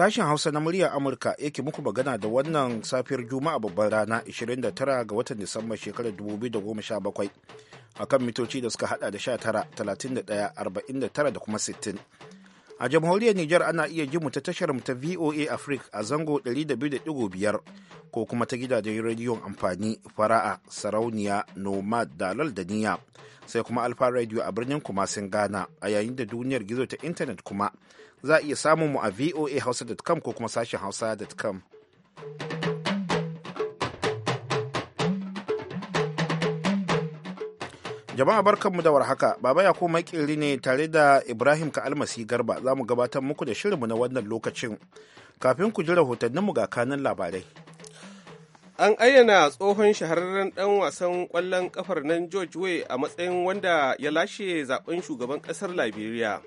Sashen Hausa na muryar Amurka yake muku magana da wannan safiyar Juma'a babban rana 29 ga watan Disamba shekarar 2017 a kan mitoci da suka hada da 19, 31, 49 da kuma 60. A jamhuriyar Nijar ana iya ji mu ta tashar mu ta VOA Africa a zango 200.5 ko kuma ta gidajen rediyon amfani fara'a sarauniya nomad dalal da niyya sai kuma alfa radio a birnin kumasin Ghana a yayin da duniyar gizo ta intanet kuma za a iya samun mu a voahausa.com ko kuma sashen hausa.com. Jama'a barkanmu da warhaka, Baba Yakubu Makeri ne tare da Ibrahim ka Almasi Garba za mu gabatar muku da shirinmu na wannan lokacin. Kafin ku ji mu ga kanan labarai. An ayyana tsohon shahararren ɗan wasan ƙwallon ƙafar nan George Way a matsayin wanda ya lashe zaben shugaban ƙasar Liberia.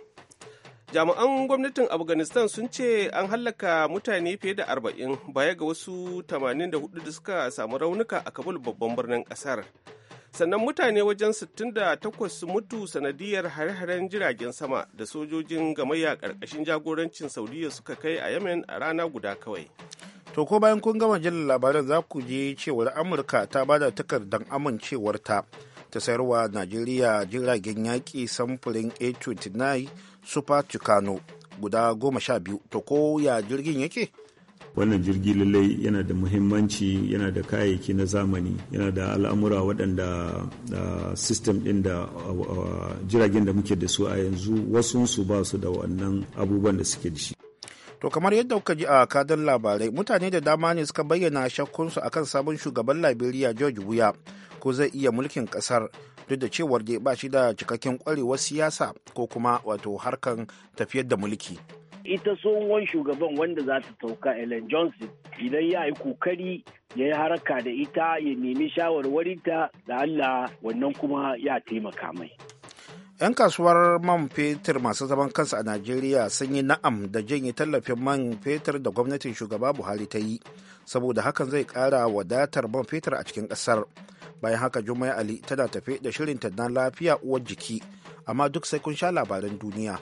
jami'an gwamnatin afghanistan sun ce an hallaka mutane fiye da arba'in baya ga wasu 84 da suka samu raunuka a kabul babban birnin kasar sannan mutane wajen 68 sun mutu sanadiyar hare-haren jiragen sama da sojojin gamayya karkashin jagorancin saudiya suka kai a yemen a rana guda kawai to ko bayan kun gama jin labaran za ku je cewar amurka ta bada takardar amincewarta ta sayarwa najeriya jiragen yaƙi samfurin a 29 super tucano guda goma sha biyu to ko ya jirgin yake wannan jirgi lallai yana da muhimmanci yana da kayayyaki na zamani yana da al'amura waɗanda da system ɗin da jiragen da muke da su a yanzu wasunsu ba su da wannan abubuwan da suke da shi To kamar yadda kuka ji a kadin labarai mutane da dama ne suka bayyana shakkunsu akan sabon shugaban Liberia George buya ko zai iya mulkin kasar duk da cewar dai ba shi da cikakken kwarewar siyasa ko kuma wato harkan tafiyar da mulki. Ita tsohon shugaban wanda za ta tauka Ellen Johnson idan ya yi kokari ya yi haraka da ita ya nemi shawarwarinta da Allah wannan kuma ya taimaka mai. 'yan kasuwar man fetur masu zaman kansu a najeriya sun yi na'am da janye tallafin man fetur da gwamnatin shugaba buhari ta yi saboda hakan zai kara wadatar man fetur a cikin kasar bayan haka jumai ali tana tafe da shirin na lafiya uwar jiki amma duk sai kun sha labaran duniya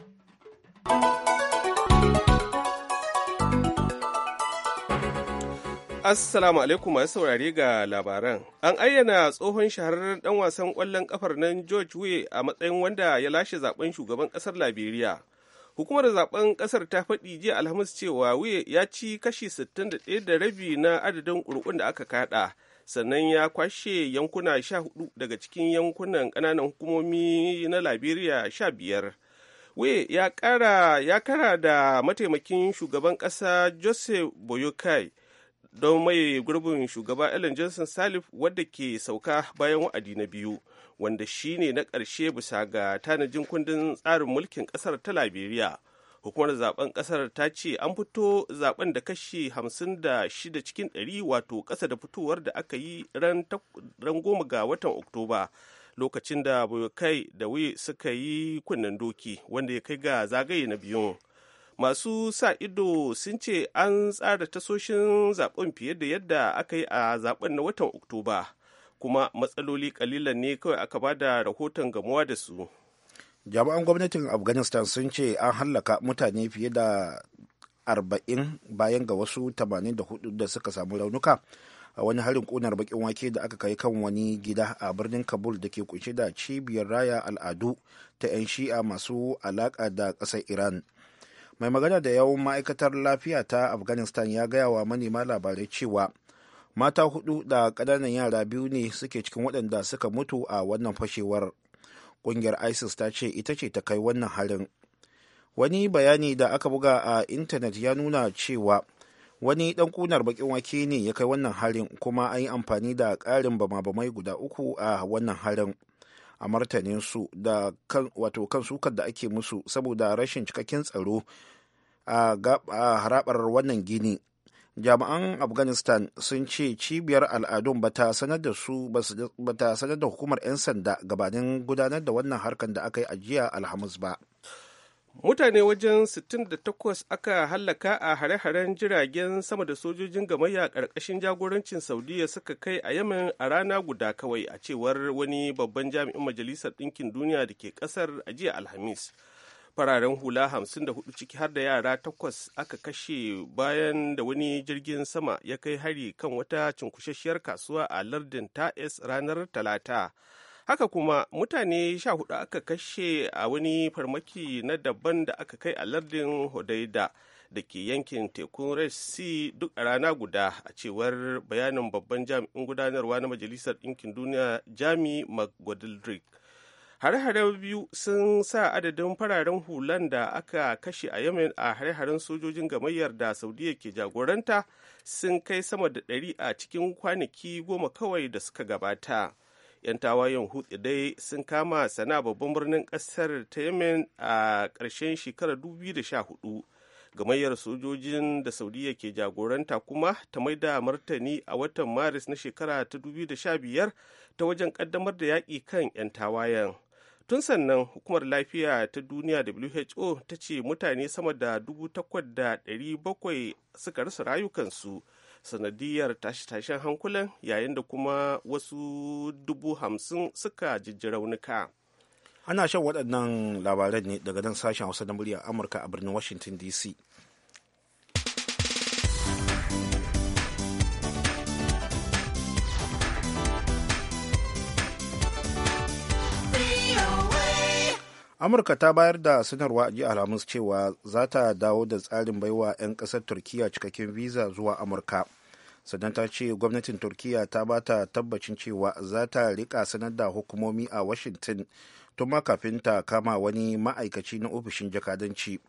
Assalamu alaikum masu saurari ga labaran. An ayyana tsohon shahararren ɗan wasan ƙwallon ƙafar nan George Wey a matsayin wanda ya lashe zaben shugaban ƙasar Liberia. Hukumar zaben ƙasar ta faɗi jiya Alhamis cewa Wey ya ci kashi 61 da rabi na adadin ƙuri'un da aka kaɗa, sannan ya kwashe yankuna hudu daga cikin yankunan ƙananan hukumomi na Liberia sha biyar. ya ya kara da mataimakin shugaban ƙasa joseph boyokai don mai gurbin shugaba ellen johnson salif wadda ke sauka bayan wa'adi na biyu wanda shine na ƙarshe bisa ga tanajin kundin tsarin mulkin ƙasar ta liberia hukumar zaben ƙasar ta ce an fito zaben da kashi 56 cikin 100 wato ƙasa da fitowar da aka yi ran goma ga watan oktoba lokacin da boyokai da wuyi suka yi kunnen doki wanda ya kai ga zagaye na biyun masu sa ido sun ce an tsara tasoshin zaben fiye da yadda aka yi a zaben na watan oktoba kuma matsaloli kalilan ne kawai aka ba da rahoton gamuwa da su jami'an gwamnatin afghanistan sun ce an hallaka mutane fiye da 40 bayan ga wasu 84 da suka samu raunuka a wani harin kunar bakin wake da aka kai kan wani gida a birnin kabul da ke kunshe da cibiyar raya al'adu ta 'yan shi'a masu alaka da ƙasar iran mai magana da yawun ma'aikatar lafiya ta afghanistan ya gaya wa manema labarai cewa mata hudu da ƙananan yara biyu ne suke cikin waɗanda suka mutu a wannan fashewar ƙungiyar isis ta ce ita ce ta kai wannan harin wani bayani da aka buga a intanet ya nuna cewa wani ɗan ƙunar baƙin wake ne ya kai wannan harin kuma an yi amfani da ƙarin bama-bamai guda uku a wannan harin a martanin su da kan wato kan sukar da ake musu saboda rashin cikakken tsaro a harabar wannan gini jami'an afghanistan sun ce cibiyar al'adun bata sanar da bata sanar da hukumar 'yan sanda gabanin gudanar da wannan harkar da aka yi a jiya alhamis ba mutane wajen 68 aka hallaka a hare-haren jiragen sama da sojojin gamayya ƙarƙashin jagorancin saudiya suka kai a yamin a rana guda kawai a cewar wani babban jami'in majalisar ɗinkin duniya da ke ƙasar a jiya alhamis fararen hula 54 ciki har da yara takwas aka kashe bayan da wani jirgin sama ya kai hari kan wata cunkushasshiyar kasuwa a lardin ta'es ranar talata haka kuma mutane sha hudu aka kashe a wani farmaki na daban da aka kai a lardin hodaida da ke yankin tekun red sea duk a rana guda a cewar bayanin babban jami'in gudanarwa na majalisar ɗinkin duniya jami mcgodrick hare-hare biyu sun sa adadin fararen hulan da aka kashe a yamin a hare-haren sojojin gamayyar da saudiya ke jagoranta sun kai sama da ɗari a cikin kwanaki goma kawai da suka gabata 'yan tawayen hutsi dai sun kama sana babban birnin ƙasar ta yemen a ƙarshen shekarar 2014 gamayyar sojojin da saudiya ke jagoranta kuma ta maida martani a watan maris na shekara ta 2015 ta wajen ƙaddamar da yaƙi kan 'yan tawayen tun sannan hukumar lafiya ta duniya who ta ce mutane sama da 8,700 suka rasa rayukansu sanadiyar tashe-tashen hankulan yayin da kuma wasu dubu hamsin suka jijji raunuka. Ana shan waɗannan labaran ne daga nan sashen Hausa na murya Amurka a birnin Washington DC. amurka ta bayar da sanarwa a alhamis cewa za ta dawo da tsarin baiwa 'yan ƙasar turkiyya cikakken visa zuwa amurka sannan ta ce gwamnatin turkiya ta ba ta tabbacin cewa za ta rika sanar da hukumomi a washington tun ma kafin ta kama wani ma'aikaci na ofishin jakadanci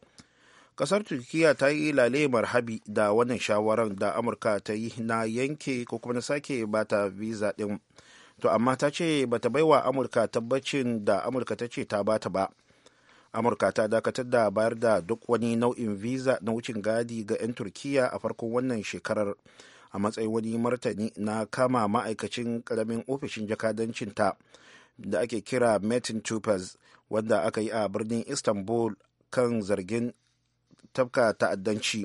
kasar turkiyya ta yi lale marhabi da wannan shawarar da amurka ta yi na yanke ko kuma na sake ba ta visa din to amma ta ce ba ta baiwa amurka tabbacin da amurka ta ce ta ba ta ba amurka ta dakatar da bayar da duk wani nau'in visa na wucin gadi ga 'yan turkiya a farkon wannan shekarar a matsayin wani martani na kama ma'aikacin karamin ofishin jakadancinta da ake kira metin tupers wanda aka yi a birnin istanbul kan zargin tafka ta'addanci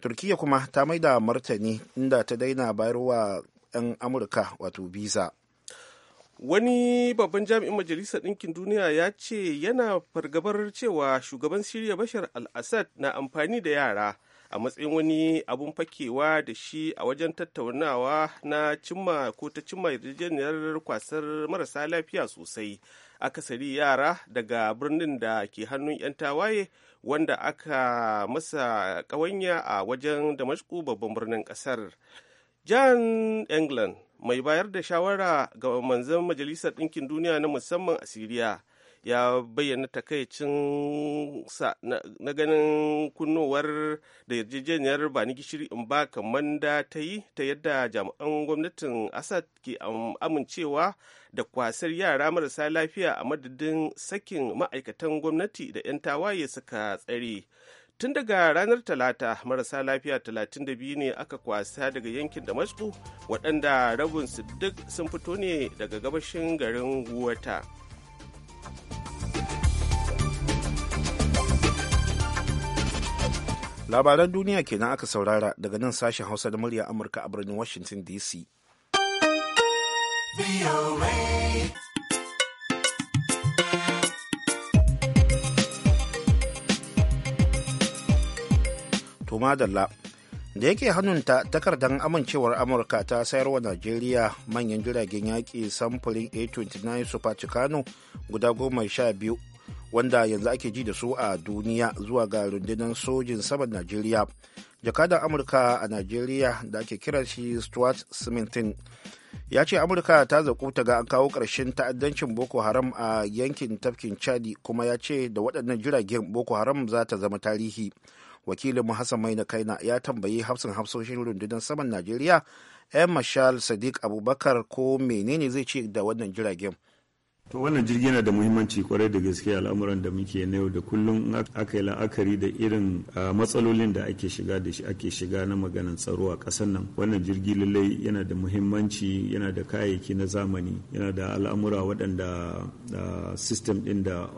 turkiya kuma ta maida martani inda ta daina bayarwa 'yan amurka wato visa wani babban jami'in majalisar ɗinkin duniya ya ce yana fargabar cewa shugaban siriya bashar al-assad na amfani da yara a matsayin wani abun fakewa da shi a wajen tattaunawa na cimma ko ta cimma yarjejeniyar kwasar marasa lafiya sosai akasari yara daga birnin da ke hannun 'yan tawaye wanda aka masa kawanya a wajen damasku babban birnin ƙasar jan england mai bayar da shawara ga manzan majalisar ɗinkin duniya na musamman a siriya ya bayyana sa na ganin kunnowar da yarjejeniyar bani gishiri in ba kamar da ta yi ta yadda jami'an gwamnatin asad ke amincewa da kwasar yara marasa lafiya a madadin sakin ma'aikatan gwamnati da 'yan tawaye suka tsare tun daga ranar talata marasa lafiya 32 ne aka kwasa daga yankin damasku waɗanda rabinsu duk sun fito ne daga gabashin garin guwata labaran duniya kenan aka saurara daga nan sashen hausa da murya amurka a birnin washington dc guma madalla da yake hannunta takardar amincewar amurka ta sayarwa najeriya manyan jiragen yaƙi samfurin a29 super tucano guda goma sha biyu wanda yanzu ake ji da su a duniya zuwa ga rundunar sojin saman najeriya jakadan amurka a najeriya da ake kiran shi stuart smithin ya ce amurka ta zaku ta ga an kawo ƙarshen ta'addancin boko haram a yankin tafkin chadi kuma ya ce da waɗannan jiragen boko haram za ta zama tarihi wakilin mu hassan maina kaina ya tambayi hafsin hafsoshin rundunar saman najeriya yan mashal sadiq abubakar ko menene zai ce da wannan jiragen to wannan jirgi yana da muhimmanci kwarai da gaske al'amuran da muke na yau da kullum aka yi la'akari da irin matsalolin da ake shiga da shi ake shiga na maganin tsaro a ƙasar nan wannan jirgi lallai yana da muhimmanci yana da kayayyaki na zamani yana da al'amura waɗanda system ɗin da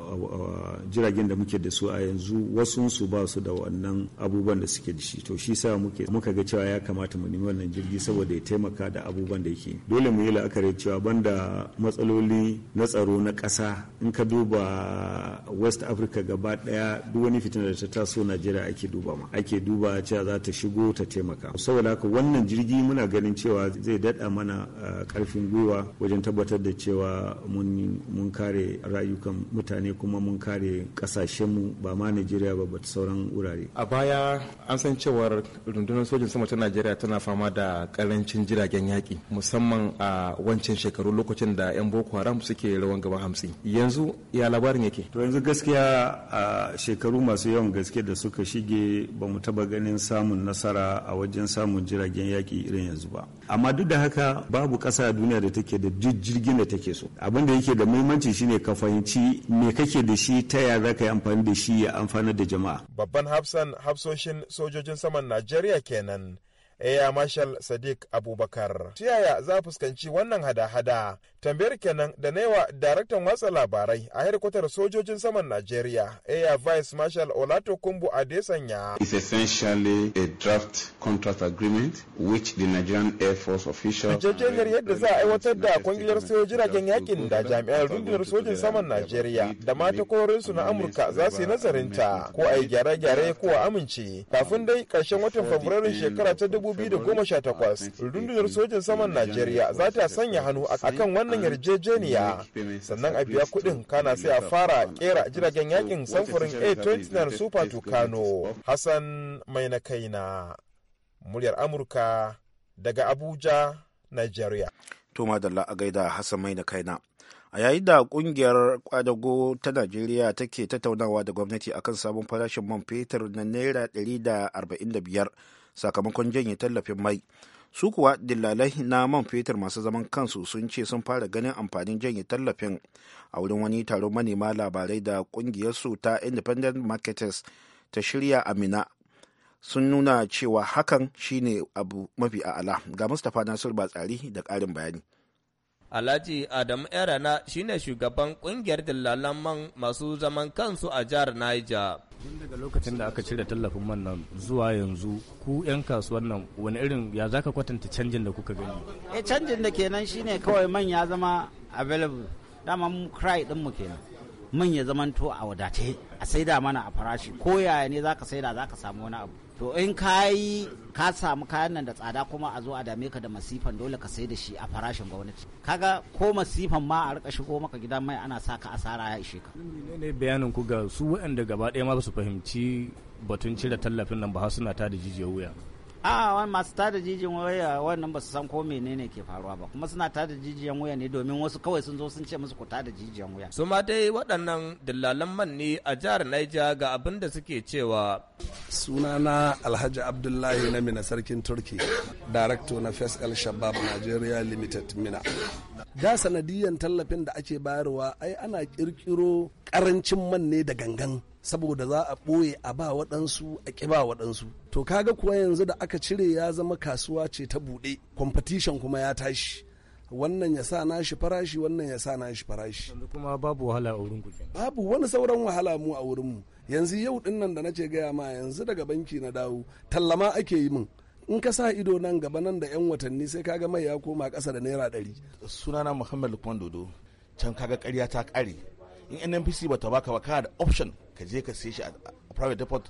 jiragen da muke da su a yanzu wasu su ba su da wannan abubuwan da suke da shi to shi sa muke muka ga cewa ya kamata mu nemi wannan jirgi saboda ya taimaka da abubuwan da yake dole mu yi la'akari cewa banda matsaloli na tsaro na ƙasa in ka duba west africa gaba ɗaya duk wani fitina da ta taso najeriya ake duba ma ake duba cewa za ta shigo ta taimaka saboda haka wannan jirgi muna ganin cewa zai daɗa mana eh, ƙarfin gwiwa wajen tabbatar da cewa mun kare rayukan mutane kuma mun kare ƙasashenmu ba ma najeriya ba ta sauran wurare a baya an san cewar rundunar sojin sama ta najeriya tana fama da ƙarancin jiragen yaƙi musamman a wancan shekaru lokacin da 'yan boko haram suke rawa yawan gaba hamsin yanzu ya labarin yake to yanzu gaskiya a shekaru masu yawan gaske da suka shige ba mu taba ganin samun nasara a wajen samun jiragen yaki irin yanzu ba amma duk da haka babu kasa a duniya da take da duk jirgin da take so abin da yake da muhimmanci shine ka fahimci me kake da shi ta yaya za ka yi amfani da shi ya amfanar da jama'a babban hafsan hafsoshin sojojin saman najeriya kenan Eh, Air Marshal Sadiq Abubakar. Ta yaya za fuskanci wannan hada-hada? Tambayar kenan da naiwa daraktan watsa labarai a hedikwatar sojojin saman Najeriya, eh, Air Vice Marshal Olato Kumbu Adesanya. It's essentially a draft contract agreement which the Nigerian Air Force official. Jajjeniyar yadda za a aiwatar da kungiyar sayo jiragen yakin da jami'an rundunar sojin saman Najeriya da mata korinsu na Amurka za su yi nazarinta ko a yi gyare-gyare ko a amince kafin dai karshen watan Fabrairu shekara ta dubu 2018 rundunar sojin saman najeriya za ta sanya hannu akan wannan yarjejeniya sannan a biya kudin kana sai a fara kera jiragen yakin samfurin a29 super tucano hassan mai na kaina muryar amurka daga abuja nigeria to madalla a gaida hassan mai na kaina a yayin da kungiyar kwadago ta najeriya take tattaunawa da gwamnati akan sabon farashin man fetur na naira 145 sakamakon janye tallafin mai su kuwa dillalai na man fetur masu zaman kansu sun ce sun fara ganin amfanin janye tallafin a wurin wani taron manema labarai da kungiyarsu ta independent marketers ta shirya amina sun nuna cewa hakan shine abu mafi a'ala ga mustapha nasiru batsari da karin bayani Alhaji Adamu Erana shine shugaban kungiyar dillalan man masu zaman kansu a jihar Niger. Tun daga lokacin da aka cire tallafin man nan zuwa yanzu ku 'yan kasuwan nan wani irin ya zaka kwatanta canjin da kuka gani? Eh canjin da kenan shine kawai man ya zama available dama mu cry din mu kenan. Man ya zamanto a wadace a saida mana a farashi ko yaya ne zaka saida zaka samu wani abu. to in ka yi ka samu kayan nan da tsada kuma a zo a dame ka da masifan dole ka sai da shi a farashin gwamnati kaga ko masifan ma a rika shigo maka gidan mai ana sa ka asara ya ishe ka ne bayanin ku ga su waɗanda gaba ɗaya ma ba su fahimci batun cire tallafin nan ba suna ta da jijiyar wuya a wani masu tada jijiyan waya wannan basu san ko menene ke faruwa ba kuma suna tada jijiyan waya ne domin wasu kawai sun zo sun ce musu ku tada jijiyan waya su ma dai waɗannan dillalan man ne a jihar Niger ga abin da suke cewa sunana Alhaji Abdullahi na Mina sarkin Turki director na First El Shabab Nigeria Limited Mina da sanadiyan tallafin da ake bayarwa ai ana kirkiro karancin man ne da gangan saboda za a ɓoye a ba waɗansu a ƙi waɗansu to kaga kuwa yanzu da aka cire ya zama kasuwa ce ta buɗe competition kuma ya tashi wannan ya sa nashi farashi wannan ya sa nashi farashi kuma babu wahala a wurin babu wani sauran wahala mu a wurin mu yanzu yau din da nace gaya ma yanzu daga banki na dawo tallama ake yi min in ka sa ido nan gaba nan da yan watanni sai kaga mai ya koma kasa da naira ɗari sunana muhammad lukman dodo can kaga karya ta kare. in nnpc ba ta baka ba ka da option ka je ka siye shi a private depot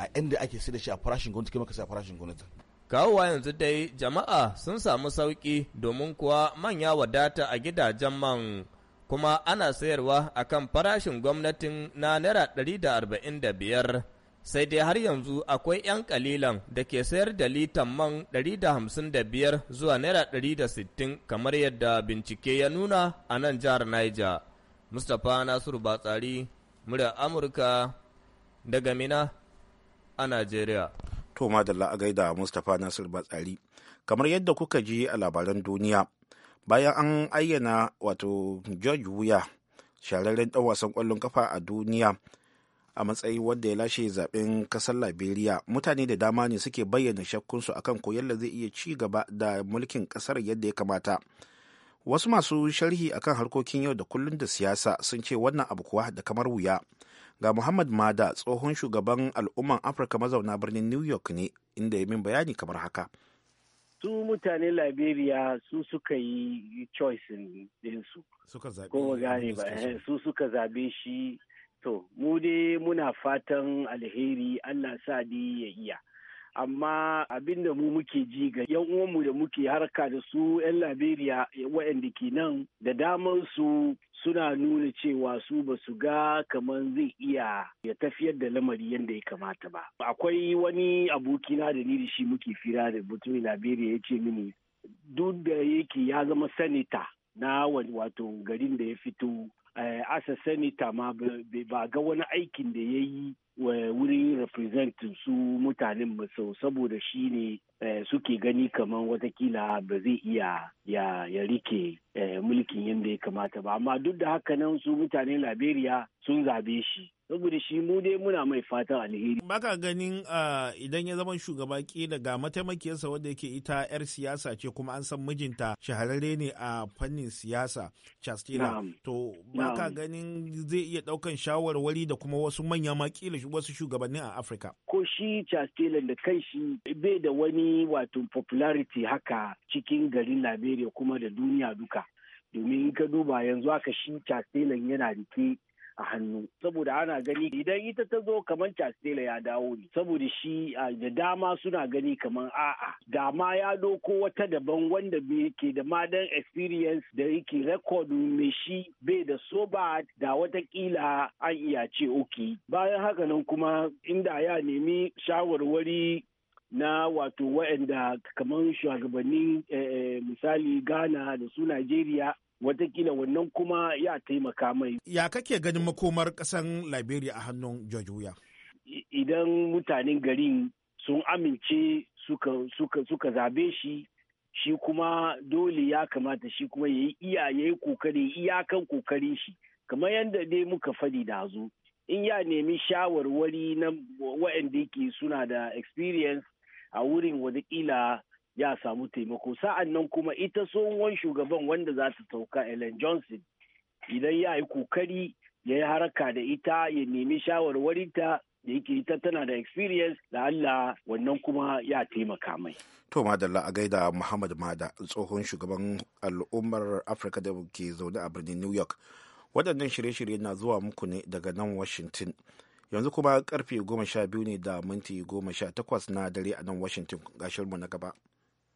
a inda ake sai da shi a farashin gwamnati kuma ka sai a farashin gwamnati kawowa yanzu dai jama'a sun samu sauki domin kuwa manya wadata a gidajen man kuma ana sayarwa a kan farashin gwamnatin na naira 145 sai dai har yanzu akwai 'yan kalilan da ke sayar da litan man 155 zuwa naira 160 kamar yadda bincike ya nuna a nan jihar niger mustapha nasiru batsari murya amurka daga mina a najeriya to madalla a gaida mustapha nasiru batsari kamar yadda kuka ji a labaran duniya bayan an ayyana wato george wuya shararren ɗan wasan ƙwallon kafa a duniya a matsayin wadda ya lashe zaɓen ƙasar liberia mutane da dama ne suke bayyana shakkunsu akan ko zai iya ci gaba da mulkin ƙasar yadda ya kamata wasu masu sharhi akan harkokin yau da kullum da siyasa sun ce wannan abu kuwa da kamar wuya ga muhammad mada tsohon shugaban al'umman afirka mazauna birnin new york ne inda ya min bayani kamar haka su mutane liberia su suka yi choice ɗinsu ko gane ba eh, su suka zabe shi to mu dai muna fatan alheri allah sa ya iya amma abin da mu muke ji ga yan uwanmu da muke harka da su 'yan Liberia waɗanda ke nan da damar su suna nuna cewa su ba su ga kamar zai iya ya tafiyar da lamari yadda ya kamata ba. Akwai wani abokina da ni da shi muke fira da mutumin Liberia ya ce mini duk da yake ya zama sanita na wato garin da ya fito eh, asa sanita ma ba ga wani aikin da ya yi wurin represent su mutanen masau saboda shi ne eh, suke gani kamar watakila ba zai iya ya, rike eh, mulkin yadda ya kamata ba amma duk da haka nan su mutanen liberia sun zabe shi saboda shi mu dai muna mai fatan alheri. Baka ganin ah, idan ya zama shugaba kila ga mataimakiyarsa wadda yake ita 'yar siyasa ce kuma an san mijinta shahararre ne a fannin siyasa chastina To baka ganin zai iya daukan shawarwari da kuma wasu manya ma kila wasu shugabannin a Afirka. Ko shi Charles Taylor da kai shi bai da wani wato popularity haka cikin garin Liberia kuma da duniya duka. Domin ka duba yanzu haka shi Charles Taylor yana rike a hannu saboda ana gani idan ita ta zo kamar Chastela ya dawo ne saboda shi da dama suna gani kamar a'a da ma ya doko wata daban wanda bai ke da madan experience da yake record mai shi bai da so ba da watakila an iya ce oke bayan haka nan kuma inda ya nemi shawarwari na wato waɗanda kamar shugabannin eh, eh, misali ghana da su najeriya watakila wannan kuma ya taimaka mai. Ya kake ganin makomar ƙasan Liberia a hannun George Weah? Idan mutanen garin sun amince suka zabe shi, shi kuma dole ya kamata shi kuma ya yi kokari iyakan kokarin shi. Kamar yadda dai muka fadi da zo, in ya nemi shawarwari na waɗanda yake suna da experience a wurin watakila ya samu taimako sa'an nan kuma ita tsohon shugaban wanda za ta sauka Ellen Johnson idan ya yi kokari ya yi haraka da ita ya nemi shawarwarinta da yake ita tana da experience da Allah wannan kuma ya taimaka mai. To madalla a gaida Muhammad Mada tsohon shugaban al'ummar Afirka da ke zaune a birnin New York. Waɗannan shirye-shirye na zuwa muku ne daga nan Washington. Yanzu kuma karfe goma sha biyu ne da minti goma sha takwas na dare a nan Washington gashinmu na gaba.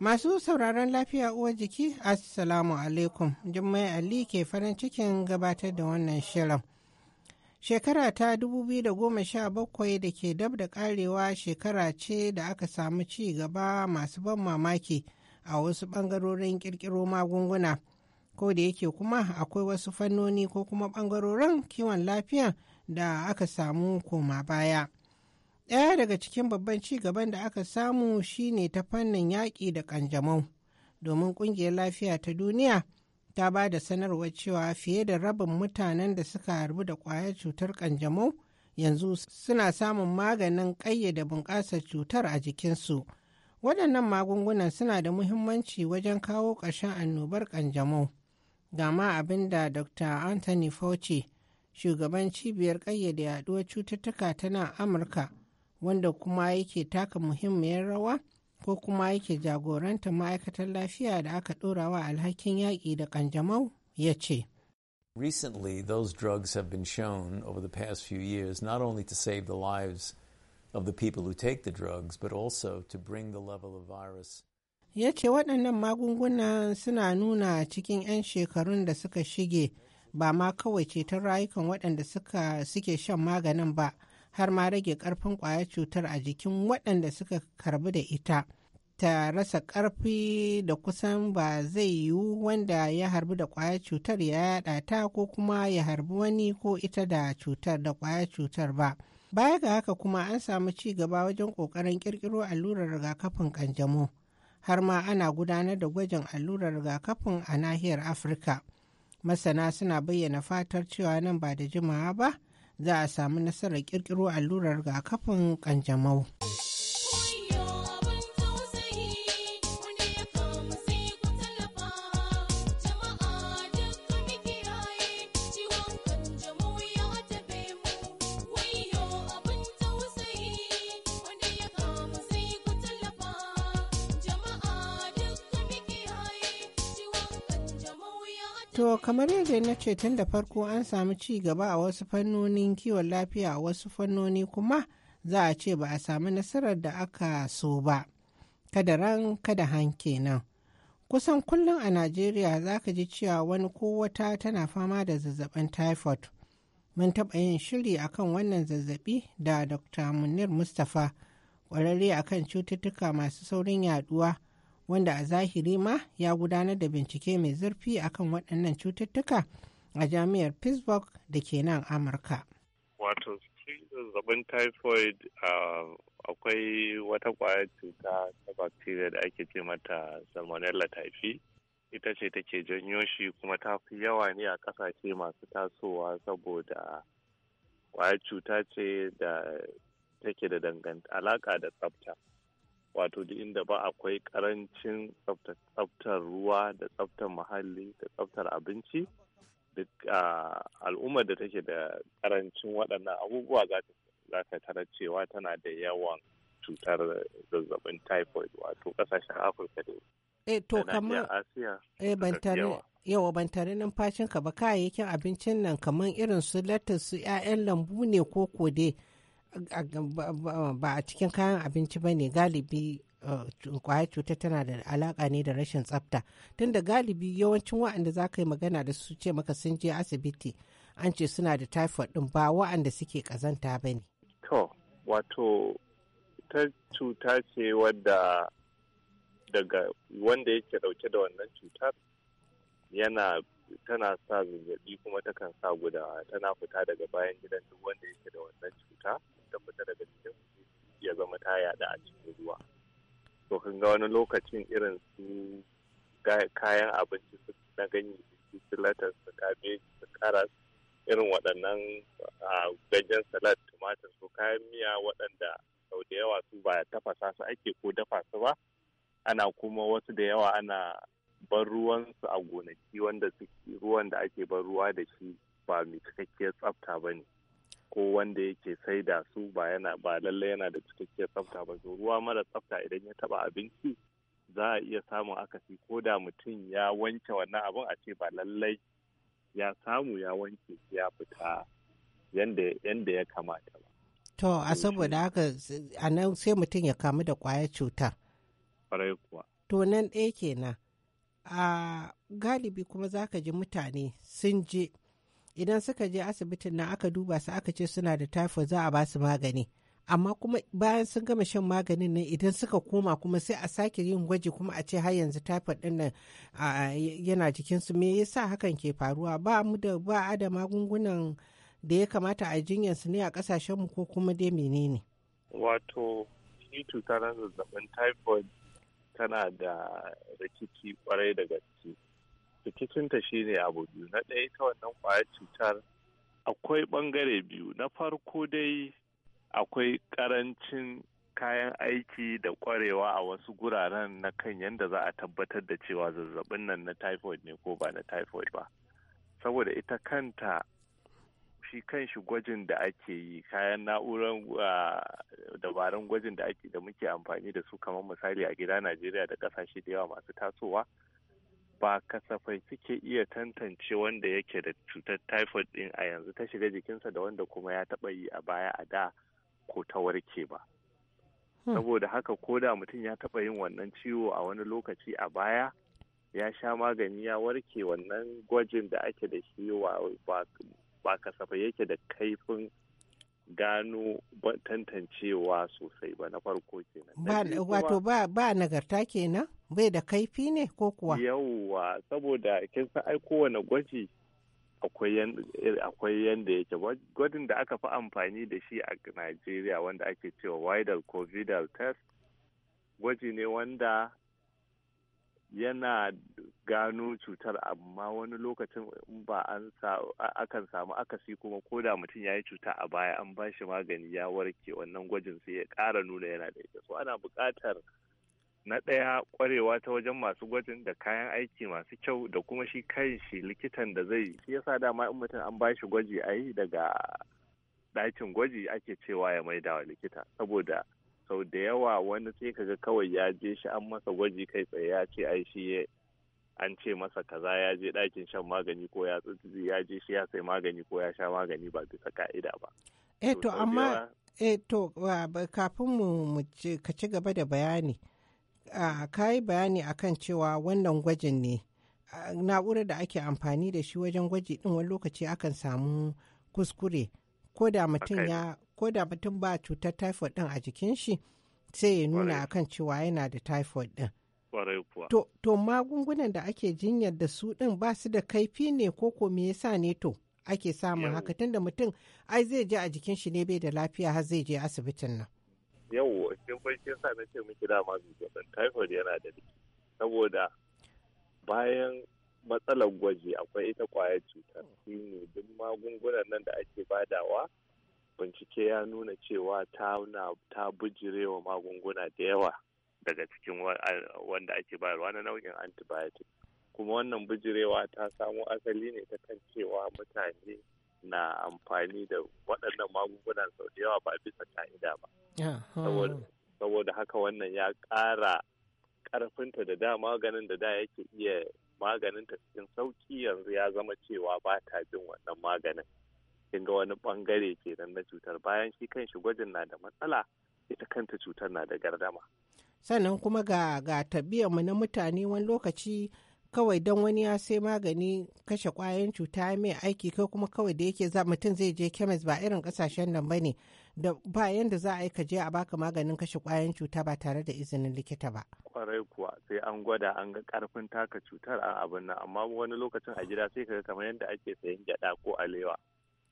Masu sauraron lafiya uwar jiki, Assalamu alaikum, Jummai Ali ke farin cikin gabatar da wannan shirin. Shekara ta 2017 da ke dab da karewa shekara ce da aka samu ci gaba masu ban mamaki a wasu ɓangarorin ƙirƙiro magunguna. Ko da yake kuma akwai wasu fannoni ko kuma ɓangarorin kiwon lafiya da aka samu koma baya. Ɗaya daga cikin babban ci gaban da aka samu shine ta fannin yaƙi da ƙanjamau, domin ƙungiyar lafiya ta duniya ta ba da sanarwar cewa fiye da rabin mutanen da suka harbu da ƙwayar cutar ƙanjamau yanzu suna samun maganin ƙayyade bunƙasar cutar a jikinsu. Waɗannan magungunan suna da muhimmanci wajen kawo ƙarshen annobar ƙanjamau. gama abin da Dr. Anthony Fauci, shugaban cibiyar ƙayyade yaɗuwar cututtuka ta nan Amurka, wanda kuma yake taka muhimmiyar rawa ko kuma yake jagoranta ma'aikatar lafiya da aka ɗorawa alhakin yaƙi da ƙanjamau ya ce. Recently, those drugs have been shown over the past few years not only to save the lives of the people who take the drugs, but also to bring the level of virus. Ya ce waɗannan magungunan suna nuna cikin 'yan shekarun da suka shige ba ma kawai ceton rayukan waɗanda suke shan maganin ba. har ma rage karfin kwayar cutar a jikin waɗanda suka karbi da ita ta rasa karfi da kusan ba zai yiwu wanda ya harbi da kwayar cutar ya yada ta ko kuma ya harbi wani ko ita da cutar da kwayar cutar ba baya ga haka kuma an samu ci gaba wajen ƙoƙarin kirkiro allurar rigakafin ƙanjamau. har ma ana gudanar da gwajin allurar rigakafin a nahiyar afirka masana suna bayyana fatar cewa nan ba da jimawa ba za a samu nasarar ƙirƙiro allurar rigakafin ƙanjamau. To kamar yadda na ce tun da farko an samu ci gaba a wasu fannonin kiwon lafiya a wasu fannoni kuma za a ce ba a samu nasarar da aka so ba. Kada ran kada hanke nan. Kusan kullum a Najeriya za ka ji cewa wani ko wata tana fama da zazzabin typhoid. Mun taɓa yin shiri akan wannan zazzabi da Dr. Munir Mustapha ƙwararre akan cututtuka masu saurin yaduwa. wanda a zahiri ma ya gudanar da bincike mai zurfi akan waɗannan cututtuka a jami'ar pittsburgh da ke nan amurka wato zazzabin typhoid uh, akwai wata ƙwayar cuta ta bacteria da ake ce mata salmonella typhi ita ce take janyo shi kuma ta fi yawa ne a ƙasashe masu tasowa saboda ƙwayar cuta ce da take da dangantaka alaƙa da tsafta wato duk inda ba akwai karancin tsaftar ruwa da tsaftar muhalli da tsaftar abinci duk al'ummar da take da karancin waɗannan abubuwa za ka tara cewa tana da yawan cutar zazzabin typhoid wato ƙasashen afirka da eh to kamar eh, ban tare yawa ban tare numfashinka ba kayayyakin abincin nan kamar irin su latas su 'ya'yan lambu ne ko kode ba a cikin kayan abinci ba ne galibi uh, kwaya cuta tana da alaka ne da rashin tsafta tunda galibi yawancin wa'anda za ka yi magana da su ce maka sun je asibiti an ce suna da typhoid din ba wa'anda suke kazanta ba ne. To, wato ta cuta ce wadda daga wanda yake dauke da wannan cutar yana tana sa zazzabi kuma takan sa gudawa tana fita daga bayan gidan duk wanda yake da wannan cuta ta fita daga cikin ya zama ta yada a cikin ruwa to kun ga wani lokacin irin su kayan abinci su na ganye su latas su su karas irin waɗannan a gajen salad tumatir su kayan miya waɗanda sau da yawa su ba tafasa su ake ko dafa su ba ana kuma wasu da yawa ana ban ruwansu a gonaki wanda ruwan da ake ban ruwa da shi ba mai cikakkiyar tsafta ba ne ko wanda yake sai da su ba yana ba lallai yana da cikakkiyar tsafta ba to ruwa mara tsafta idan ya taba abinci za a iya samun akasi ko da mutum ya wanke wannan abin a ce ba lallai ya samu ya wanke ya fita yanda ya kamata ba. To, a saboda haka a nan sai mutum ya kamu da kwaya cuta Kwarai kuwa. To, nan ɗaya kenan. A galibi kuma za ka ji mutane sun je idan suka je asibitin nan aka duba su aka ce suna da typhoid za a ba su magani amma kuma bayan sun gama shan maganin nan idan suka koma kuma sai a sake yin gwaji kuma a ce har yanzu typhoid din nan yana jikin su me yasa hakan ke faruwa ba mu da ba a da magungunan da ya kamata a jinyar su ne a kasashen mu ko kuma dai menene wato shi cutar zazzabin typhoid tana da rikici kwarai da gaske rikicinta shine abu biyu na ɗaya ta wannan kwayar cutar akwai ɓangare biyu na farko dai akwai ƙarancin kayan aiki da ƙwarewa a wasu guraren na kan yadda za a tabbatar da cewa zazzabin nan na typhoid ne ko ba na typhoid ba saboda ita kanta shi kan shi gwajin da ake yi kayan na'urar ah, dabarun gwajin da ake da muke amfani da su kamar misali a gida najeriya da kasashe da yawa masu tasowa ba kasafai suke iya tantance wanda yake da cutar typhoid din a yanzu ta shiga jikinsa da wanda kuma ya taba yi a baya a da ko ta warke ba. Hmm. Saboda haka ko da mutum ya taba yin wannan ciwo a wani lokaci a baya ya sha magani ya warke wannan gwajin da ake da shi ba kasafai yake da kaifin gano tantancewa sosai ba na farko kenan. Wato ba, nagarta kenan? Bai da kaifi ne ko kuwa? Yawwa, saboda kin san ai kowane gwaji akwai yanda yake gwajin da aka fi amfani da shi a Najeriya wanda ake cewa widal covidal test gwaji ne wanda yana gano cutar amma wani lokacin ba an akan samu akasi kuma ko da mutum ya yi cuta a baya an ba shi magani ya warke wannan gwajin sai ya ƙara nuna yana da ita so ana buƙatar na ɗaya ƙwarewa ta wajen masu gwajin da kayan aiki masu kyau da kuma shi kan shi likitan da zai shi yasa dama in mutum an ba shi gwaji a yi daga ɗakin gwaji ake cewa ya maida wa likita saboda sau da yawa wani sai kaga kawai ya je shi an masa gwaji kai tsaye ya ce ai shi an ce masa kaza ya je ɗakin shan magani ko ya ya je shi ya sai magani ko ya sha magani ba bisa ka'ida ba. Eh to amma eh to kafin mu ka ci gaba da bayani ka yi bayani akan cewa wannan gwajin ne na'urar da ake amfani da shi wajen gwaji din wani lokaci akan samu kuskure ko da mutum ya ko mutum ba cutar typhoid din a jikin shi sai ya nuna akan cewa yana da typhoid din to to magungunan da ake jinyar da su din ba su da kaifi ne ko ko me yasa ne to ake samun haka tunda mutum ai zai je a jikin shi ne bai da lafiya har zai je asibitin nan yau kin bai sa na ce miki dama zuwa typhoid yana da saboda bayan matsalar gwaji akwai ita kwayar cutar shi ne duk magungunan nan da ake badawa bincike ya nuna cewa ta ta bijirewa magunguna da yawa daga cikin wanda ake bayarwa na nau'in antibiotic kuma wannan bijirewa ta samo asali ne ta kan cewa mutane na amfani da waɗannan magungunan sau da yawa ba bisa ka'ida ba saboda haka wannan ya ƙara ƙarfinta da da maganin da da yake iya maganin ta cikin sauki yanzu ya zama cewa ba ta jin wannan maganin kin ga wani bangare kenan na cutar bayan shi kan shi gwajin na da matsala ita kanta cutar na da gardama sannan kuma ga ga mu na mutane wani lokaci kawai don wani ya sai magani kashe kwayoyin cuta mai aiki kai kuma kawai da yake za mutum zai je kemis ba irin kasashen nan bane da ba yanda za a yi ka je a baka maganin kashe kwayan cuta ba tare da izinin likita ba. Kwarai kuwa sai an gwada an ga karfin taka cutar a abin nan amma wani lokacin a gida sai kaga kamar yadda ake sayan gyada ko alewa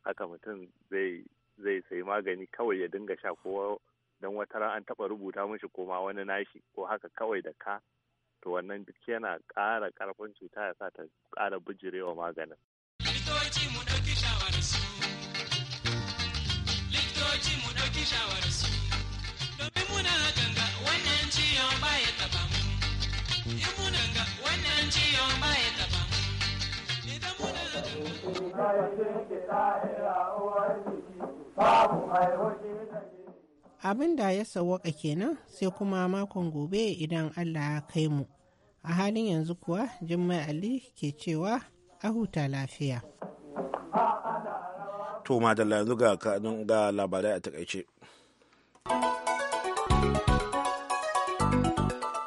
haka mutum zai zai sayi magani kawai ya dinga sha ko dan wata ran an taba rubuta mishi ko ma wani nashi ko haka kawai da ka to wannan duk yana ƙara karfin cuta ya sa ta ƙara bijirewa maganin. Likitoci mu ɗauki abin da ya sawwaka kenan sai kuma makon gobe idan allah ya kai mu a halin yanzu kuwa jummai ali ke cewa a huta lafiya. to madalla yanzu ga ga labarai a takaice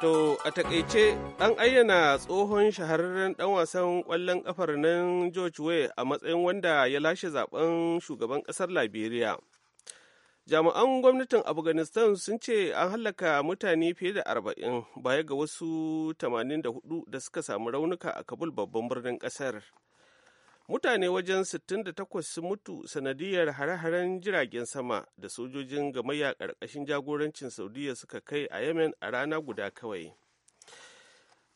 To a takaice an ayyana tsohon shahararren dan wasan kwallon kafar nan George Way a matsayin wanda ya lashe zaben shugaban kasar Liberia. Jami'an gwamnatin Afghanistan sun ce an hallaka mutane fiye da arba'in baya ga wasu 84 da suka samu raunuka a Kabul babban birnin kasar. mutane wajen 68 sun mutu sanadiyar hare-haren jiragen sama da sojojin gamayya ƙarƙashin jagorancin saudiya suka kai a yemen a rana guda kawai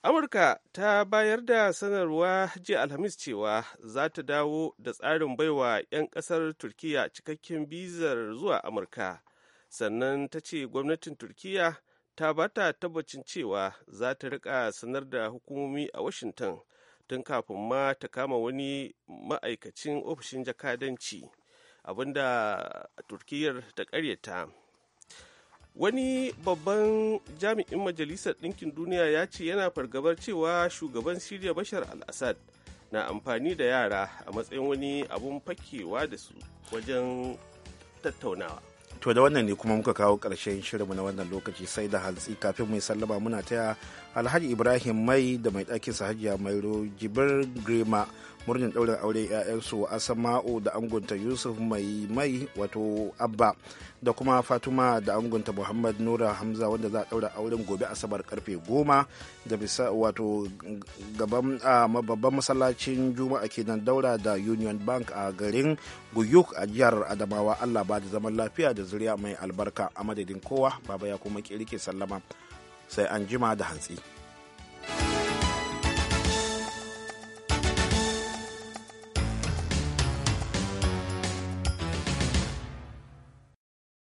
amurka ta bayar da sanarwa jiya alhamis cewa za ta dawo da tsarin baiwa 'yan ƙasar turkiya cikakken bizar zuwa amurka sannan ta ce gwamnatin turkiya ta ba ta tabbacin cewa za ta rika sanar da hukumomi a washington tun kafin ma ta kama wani ma'aikacin ofishin jakadanci abinda turkiyar ta karyata wani babban jami'in majalisar ɗinkin duniya ya ce yana fargabar cewa shugaban siriya bashar al-assad na amfani da yara a matsayin wani abun fakewa da su wajen tattaunawa to da wannan ne kuma muka kawo ƙarshen shirinmu na wannan lokaci sai da hantsi kafin mu sallama muna taya alhaji ibrahim mai da mai ɗakin sa hajiya mairo jibir grema murnin ɗaurin aure 'ya'yansu asama'u da angunta yusuf mai mai wato abba da kuma fatuma da angunta muhammad nura hamza wanda za a ɗaura auren gobe asabar karfe goma da bisa wato gaban babban masallacin juma'a kenan daura da union bank a garin guyuk a jihar adamawa allah ba da zaman lafiya da zuriya mai albarka a madadin kowa baba ya kuma ke sallama sai an jima da hantsi.